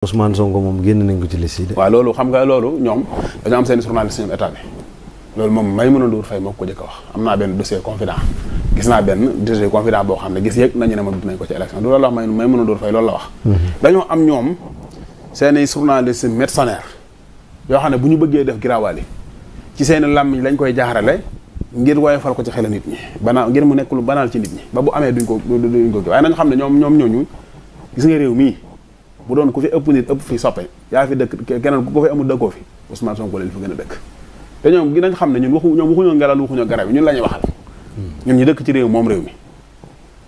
Ousmane Sonko moom génn nañ ko ci liste yi. waaw loolu xam nga loolu ñoom dañoo am seen journaliste ñoom bi loolu moom may mën a duur fay moo ko jëkk a wax am na benn dossier confident gis naa benn dossier confident boo xam ne gis yëg nañu ne moom dinañ ko ci élection du loolu wax may mën a duur fay loolu la wax. Mhm. dañoo am ñoom seen i journaliste yoo xam ne bu ñu bëggee def giraawaali ci seen i làmmiñ lañ koy jaarale ngir woyofal ko ci xel nit ñi banal ngir mu nekk lu banal ci nit ba bu amee duñ ko duñ ko waaye nañ ñoom ñoom ñooñu gis nga bu doon ku fi ëpp nit ëpp fi soppe yaa fi dëkk keneen ku fi amul dëkkoo fi Ousmane Sonko leen fi gën a dëkk te ñoom gi nañ xam ne ñun waxu ñoom waxuñoo ngelaw waxuñoo garab yi ñun la ñuy waxal ñun ñu dëkk ci réew moom réew mi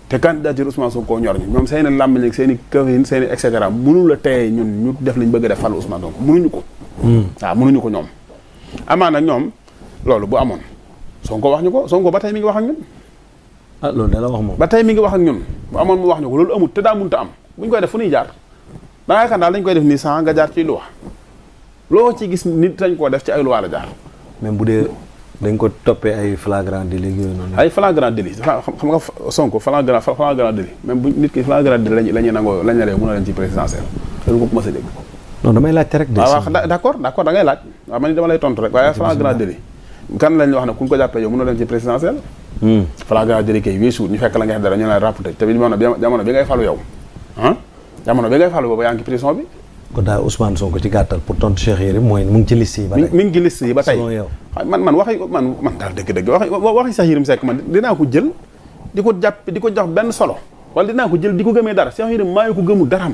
te candidature Ousmane Sonko ñor ñu ñoom seen i làmmiñ ak seen i këfin seen i et cetera mënul la teye ñun ñu def lañ bëgg a def fal Ousmane Sonko mënuñu ko hmm. waaw mënuñu ko ñoom amaa nag ñoom loolu bu amoon Sonko wax ñu ko Sonko ba tey mi ngi wax ak ñun ah loolu da wax moom ba tey mi ngi wax ak ñun bu amoon wax ñu ko loolu amul te daa munta am buñ koy def fu ñuy da nga xanaa lañ koy def ni sa nga jaar ci loi lo ci gis nit dañ ko def ci ay loi la jaar même bu dee dañ ko topé ay flagrant délit yooyu non ay flagrant délit xam nga sonko flagrant flagrant délit même bu nit ki flagrant délit lañ lañ nango lañ ree mëna lañ ci présidentiel dañ ko mësa dégg non damay laaj rek ah, wax d'accord d'accord da ngay laaj waaw man dama lay tontu rek waaye flagrant délit kan lañ wax na kuñ ko jappé yow mëna lañ ci présidentiel hmm flagrant délit kay weesu ñu fekk la ngay dara ñu la rapporter té bi mëna jamono bi ngay falu yow hmm jamono bi ngay falu boobu yaa ngi prison bi. kon daal Ousmane Sonko ci gàttal pour tontu Cheikh Yérim mooy mu ngi ci yi ba tey mi ngi ci yi ba tey man man waxi man man daal dëgg-dëgg waxi waxi Cheikh Yérim Seck man dinaa ko jël di ko jàpp di ko jox benn solo wala dinaa ko jël di ko gëmee dara Cheikh Yérim maa ngi ko gëmul daram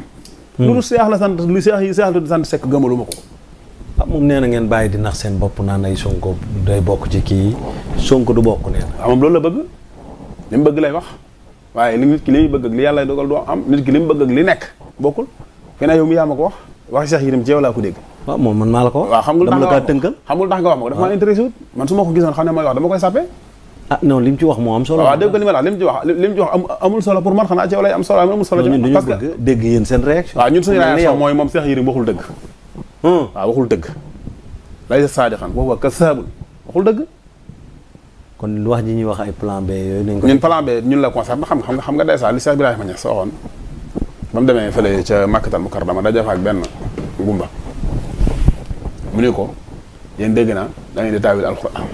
hmm. lu dul Cheikh la sant lu Cheikh Cheikh la sant Seck gëmaluma ko ah moom nee na ngeen bàyyi di nax seen bopp naan ay Sonko day bokk ci kii Sonko du bokk nee na waaw ah, la bëgg li mu bëgg lay wax waaye li nit ki li muy bëgg ak li yàlla dogal doo am nit ki li mu li nekk bokkul gannaaw yow mi yaa ma ko wax waxi Cheikh Yérim ci yow laa ko dégg waaw moom man maa la ko wax waaw xamul dama la kaa xamul ndax nga wax ma man su ma ko gisoon xam ne mooy wax dama koy sàppe moo am solo waaw wax li mu ci wax amul solo pour man xanaa ci yow seen réaction waaw ñun suñu réaction mooy dëgg waaw waxul dëgg lay wa huwa kasaabul waxul dëgg kon lu wax ji ñuy wax ay plan B yooyu nañ ko ñun xam xam nga xam nga day saa li Cheikh Ibrahima Niass waxoon ba mu demee fële ca Makkatal Mukarrama daje fa ak benn ngumba mu ne ko yéen dégg na da ngeen di taawil alquran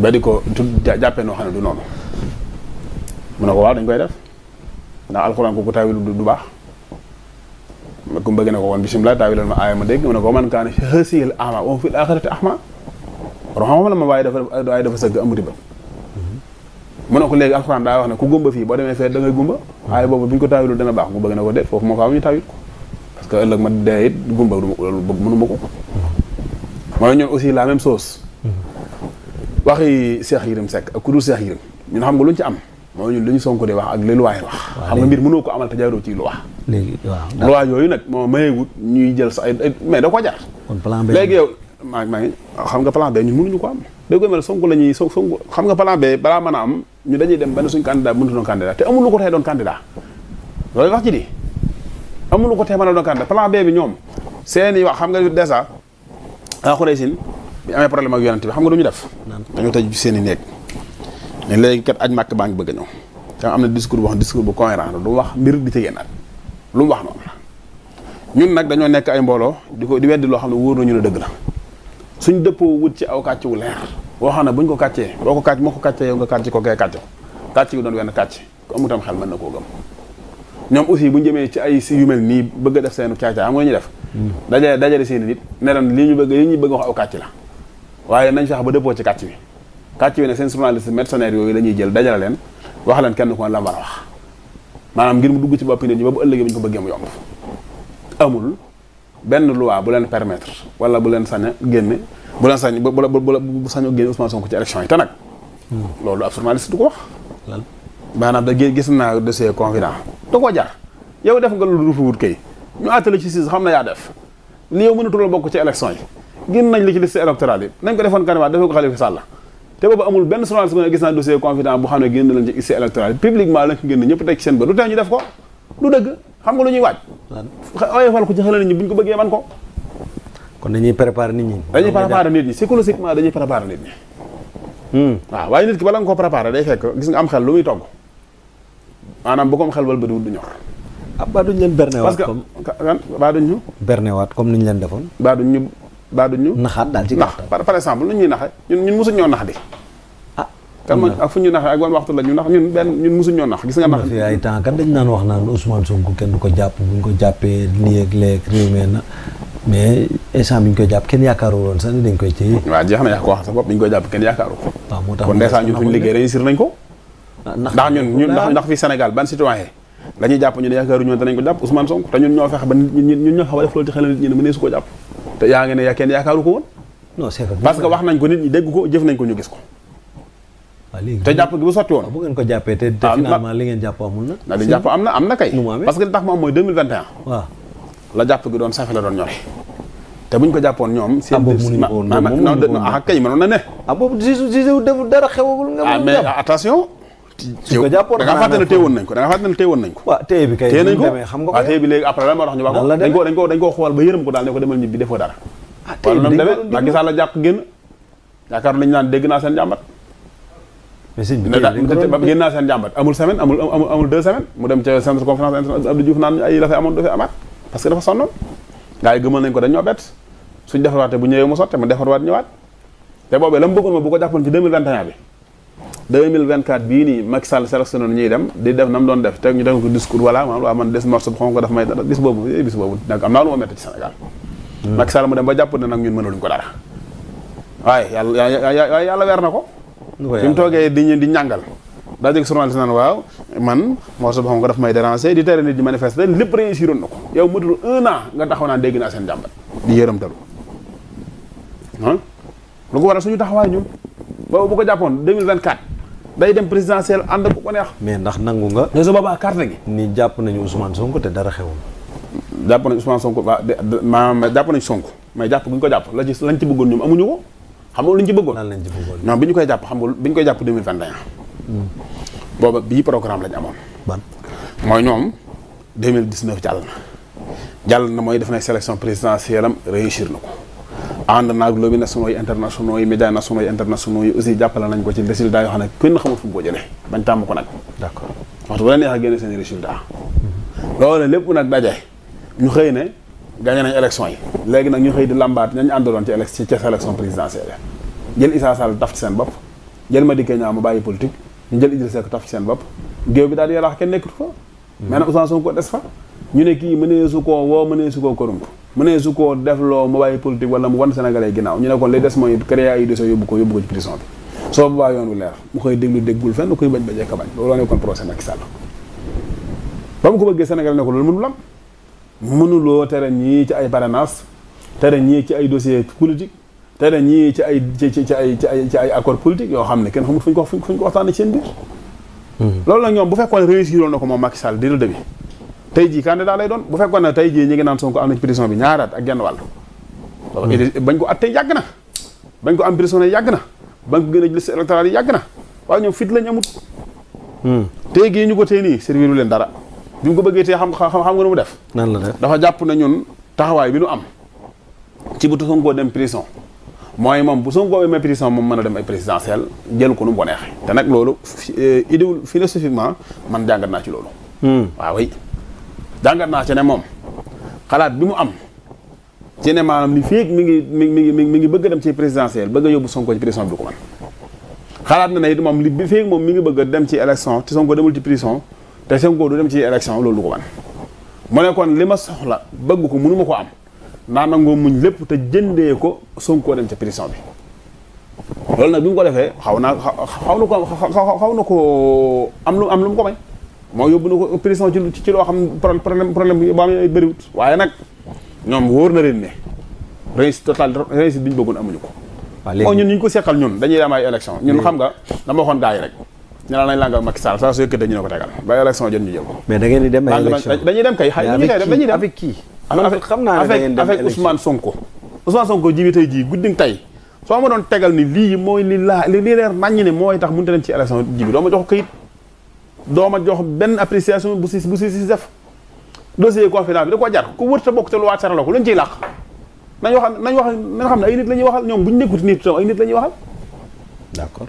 ba di ko jàppee noo xam ne du noonu mu ne ko waaw dañ koy def ndax alquran ku ko taawil du baax ku bëgg ne ko woon bisimilah taawilal ma aaya ma dégg mu ne ko man kaana fi haazihil a'maa wa fil aaxirati a'maa roxamam la ma waaye dafa sëgg dafa sëgg amuti ba mu ne ko léegi alxuraan daa wax ne ku gumba fii boo demee fee da ngay gumba waaye boobu bu ñu ko taawilul dana baax mu bëgg na ko de foofu moo faaw ñu taawil ko parce que ëllëg ma dee ko mooy ñun aussi la même chose waxi Cheikh Yérim Seck ak ku dul Cheikh Yérim ñun xam nga lu ñu am mooy ñun li ñu Sonko di wax ak li luwaay xam nga mbir mënoo ko amal te jaaroo ci luwaa léegi waaw luwaa yooyu nag moo mayeewut ñuy jël sa ay mais da ko jar léegi yow maa maa ngi xam nga plan B ñun mënuñu ko am dëgg mel songu lañuy songu xam nga plan B bala mën am ñu dañuy dem ben suñu candidat mënu ñu candidat té amul lu ko tay doon candidat loy wax ci di amul lu ko tay mëna doon candidat plan B bi ñom seen i wax xam nga déssa a xureysin bi amé problème ak yonante bi xam nga duñu def dañu tay seen i né légui kat aj mak baa bëgg ñu té amna discours wax discours bu cohérent la du wax mbir di ca nak lu wax non ñun nak dañu nekk ay mbolo diko di wéddi lo xamne ne wóor nañu ne dëgg la suñ depo wut ci aw kàcc wu leer boo xam ne bu ñu ko kàccee boo ko kàcc moo ko kàccee yow nga kàcc ko kay kàcc ko kàcc gi doon wenn kàcc ku amutam xel mën na koo gëm ñoom aussi bu ñu jëmee ci ay si yu mel nii bëgg def seenu caay-caay am nga def dajale dajale seen nit ne leen li ñu bëgg li ñu bëgg wax aw kàcc la waaye nañ sax ba dëppoo ci kacc bi kàcc bi nag seen journaliste mercenaires yooyu la jël dajale leen wax kenn ko la war wax maanaam ngir mu dugg ci bopp nit ñi ba bu ëllëgee bu ñu ko bëggee mu yomb amul benn loi bu leen permettre wala bu leen sañ a génne bu la sañ bu la bu la bu sañoo génn Ousmane Sonko ci élection yi te nag. Hmm. loolu ab journaliste du ko wax. lan da gis naa de ses confidents. da koo jar yow def nga lu wut kay ñu àttali ci siis xam na yaa def li yow mënatuloon bokk ci élection yi génn nañ li ci liste électorale yi nañ ko defoon Kaniba defee ko Khalifa Sall. te boobu amul benn journaliste bu ne gis naa dossier confident bu xam ne génn nañ ci liste électorale yi publiquement lañ ko génn ñëpp man ko kon dañuy préparer nit ñi. dañuy préparer nit ñi psychologiquement dañuy préparer nit ñi. hmm wa way nit ki bala nga ko préparer day fekk gis nga am xel lu muy togg manam bu ko am xel wal bëriwul du ñor. Ah, ba baa duñ leen wat comme kan, ba que baa duñ ñu. bernewaat comme niñ ñu leen defoon. baa duñ ñu baa duñ ñu. naxaat daal ci gàttal nax par exemple niñ ñuy naxee ñun ñun musu ñoo nax di. Ah, kan ma ak fu ñu nax ak wan waxtu la ñu nax ñun ben ñun musu ñoo nax gis nga nax ay temps kan dañ nan wax nan Ousmane Sonko kenn du ko jàpp buñ ko jappé ni ak lek réew na mais instant bi ñu koy jàpp kenn yaakaarul woon sax ni dañ koy téye. waaw jeex na yaa ko wax sa bopp bi ñu koy jàpp yaakaaru ko. waaw moo tax kon a def nit ñi dégg ko jëf nañ ko ñu gis ko te jàpp bu sotti woon bu ngeen ko jàppee te ah, finalement li ngeen jàpp amul na parce que tax mu am mooy 2021 waaw la jàpp gi doon safe la doon ñore te buñ ko jàppoon ñoom. seen ah kay mënoon na ne. ah boobu dara xewagul nga. ah mais attention. su ko jàppoon da nañ ko da nga fàtte ne téewoon nañ ko. waaw bi kay nañ nga ah, ko téye bi léegi après lan moo tax ñu wax ko dañ ko dañ ko dañ ba yërëm ko daal ne ko demal ñibbi defoo dara. ah bi dañ ko Macky Sall la jàpp génn yaakaar nañ naan dégg naa seen jàmbat. mais sëñ bi génn naa seen jàmbat amul semaine amul deux semaines mu dem ca centre conférence Abdou Diouf naan ay la fay amoon dafay amaat parce que dafa sonno gaay geumal nañ ko dañoo bett suñ defarwaatee bu ñëwé mu sotte mu waat ñëwaat té bobé lam mu bëggoon ma bu ko jàppoon ci 2021 bi 2024 bi ni Macky Sall sélectionné na ñuy dem di def nam doon def té ñu dañ ko discours wala man wa man dess morceau bu ko daf may dara bis bobu bis eh, bobu nak amna lu ma métti ci Sénégal hmm. Macky Sall mu dem ba japp ne nak ñun luñ ko dara way yalla yalla wér nako ko fi di di ñàngal daa jóg journaliste nan waaw man morceau boo xam nga daf may déranger di téré nit di manifester lépp réussiroon na ko yow mudul 1 an nga taxona dégg na sen jambat di dal ah lu ko wara suñu taxaway ñu boobu bu ko japon 2024 day dem présidentiel and ko ko neex. mais ndax nangu nga. ne sa boobaa carte gi. ni japp nañu Ousmane Sonko te dara xewul. japp nañu Ousmane Sonko waa maanaam jàpp nañu Sonko mais japp buñ ko japp la ci lañ ci bëggoon ñum amuñu ko xam nga lu ñu ci bëggoon. lan lañ ci bëggoon non biñ ñu koy jàpp xam nga bi koy jàpp 2021. booba bii programme lañ amoon. ban mooy ñoom 2019 jàll na jàll na mooy def na sélection présidentielle am réussir na ko ànd naag lobby nationaux yi internationaux yi médias nationaux yi aussi jàppale nañ ko ci résultat yoo xam ne kenn xamul fu mu ko jëlee bañ tàmm ko nag. d'accord waxtu bu la neexee génne seen résultat loolu lépp nag daje ñu xëy ne gagné nañ élection yi léegi nag ñu xëy di lambaat ñañ àndaloon ci élec ci ca sélection présidentielle jël Issa Sall daf ci seen bopp jël Madické Niang mu ñu jël Idrissa Seck ci seen bopp géew bi daal di yaraax kenn nekkatu fa hmm. maintenant Ousmane ko des fa ñu ne kii mënee su koo woo mënee su koo korump mënee su koo def loo mu bàyyi politique wala mu wan Sénégalais ginnaaw ñu ne ko li des mooy créer ay dossiers yóbbu ko yóbbu ko ci prison bi soo boobaa yoon wu leer mu koy déglu déggul fenn koy bañ bañ a kabañ loolu la nekkoon procès Macky mu ko bëggee Sénégal ne ko loolu mënul am mënuloo tere ñii ci ay parrainage tere ñii ci ay dossier politique te ne ñii ci ay ci ay ci politique yoo xam ne kenn xamul fu ko fu ñu ko waxtaanee seen hmm. loolu nag ñoom bu fekkoon réussir na ko moom Macky Sall dès le début tey jii candidat lay doon bu fekkoon ne tey jii ñi ngi naan Sonko am na ci prison bi ñaaraat ak genn wàll. Hmm. bañ ko at attee yàgg na bañ ko am prison yàgg na bañ ko gën a liste électorale yi yàgg na waaye ñoom fit lañ amut. Hmm. tey gii ñu ko tey nii serviru leen dara bi mu ko bëggee tey xam xam xam nga nu mu def. nan la def dafa jàpp na ñun taxawaay bi nu am ci bu Sonko dem prison mooy moom bu Sonko amee président moom mën a dem ay présidentielle jël ko nu mu neexee te nag loolu euh, idéol philosophiquement man jàngat naa ci loolu hmm. waaw oui jàngat naa ci ne moom xalaat bi mu am ci ne maanaam li fii mi ngi mi ngi mi ngi bëgg a dem ci présidentielle bëgg a yóbbu Sonko ci prison bi du ko mën xalaat na ne it moom li bi fii moom mi ngi bëgg dem ci élection te Sonko demul ci prison te Sonko du dem ci élection loolu du ko mën mu ne kon li ma soxla bëgg ko mënu ko am naa nangoo muñ lepp te jëndee ko sonkoo dem ci prison bi lol nag bimu ko defé xawna xawnu ko xawnu ko am lu am lu ko may mo yóbbu ko prison ci ci lo xam problème problème bi ba beuri wut waye nak ñom wóor na leen ne réussite total réussite biñ ñu amuñu ko o oh, ñun ñu ko sékkal ñun dañuy am ay élection ñun xam nga dama waxon gaay rek ñala nañ langal Macky Sall saa su yëkkatee dañu ko tegal ba élection jot ñu jël mais da ngeen di dem ay élection dañuy dem kay xay dañuy dem dañuy dem avec qui man xam naa ne da ngeen dem avec Ousmane Sonko Ousmane Sonko ji bi tey jii guddi tey soo ma doon tegal ni lii mooy li laa li lii leer naññ ne mooy tax mënut a dem ci élection ji bi doo jox këyit doo ma jox benn appréciation bu si bu si si def dossier confident bi da koo jar ku wër te bokk te lu waat sarala ko lu ñu ciy làq nañ wax nañ wax nañ xam ne ay nit la waxal ñoom bu ñu nekkuti nit tam ay nit la waxal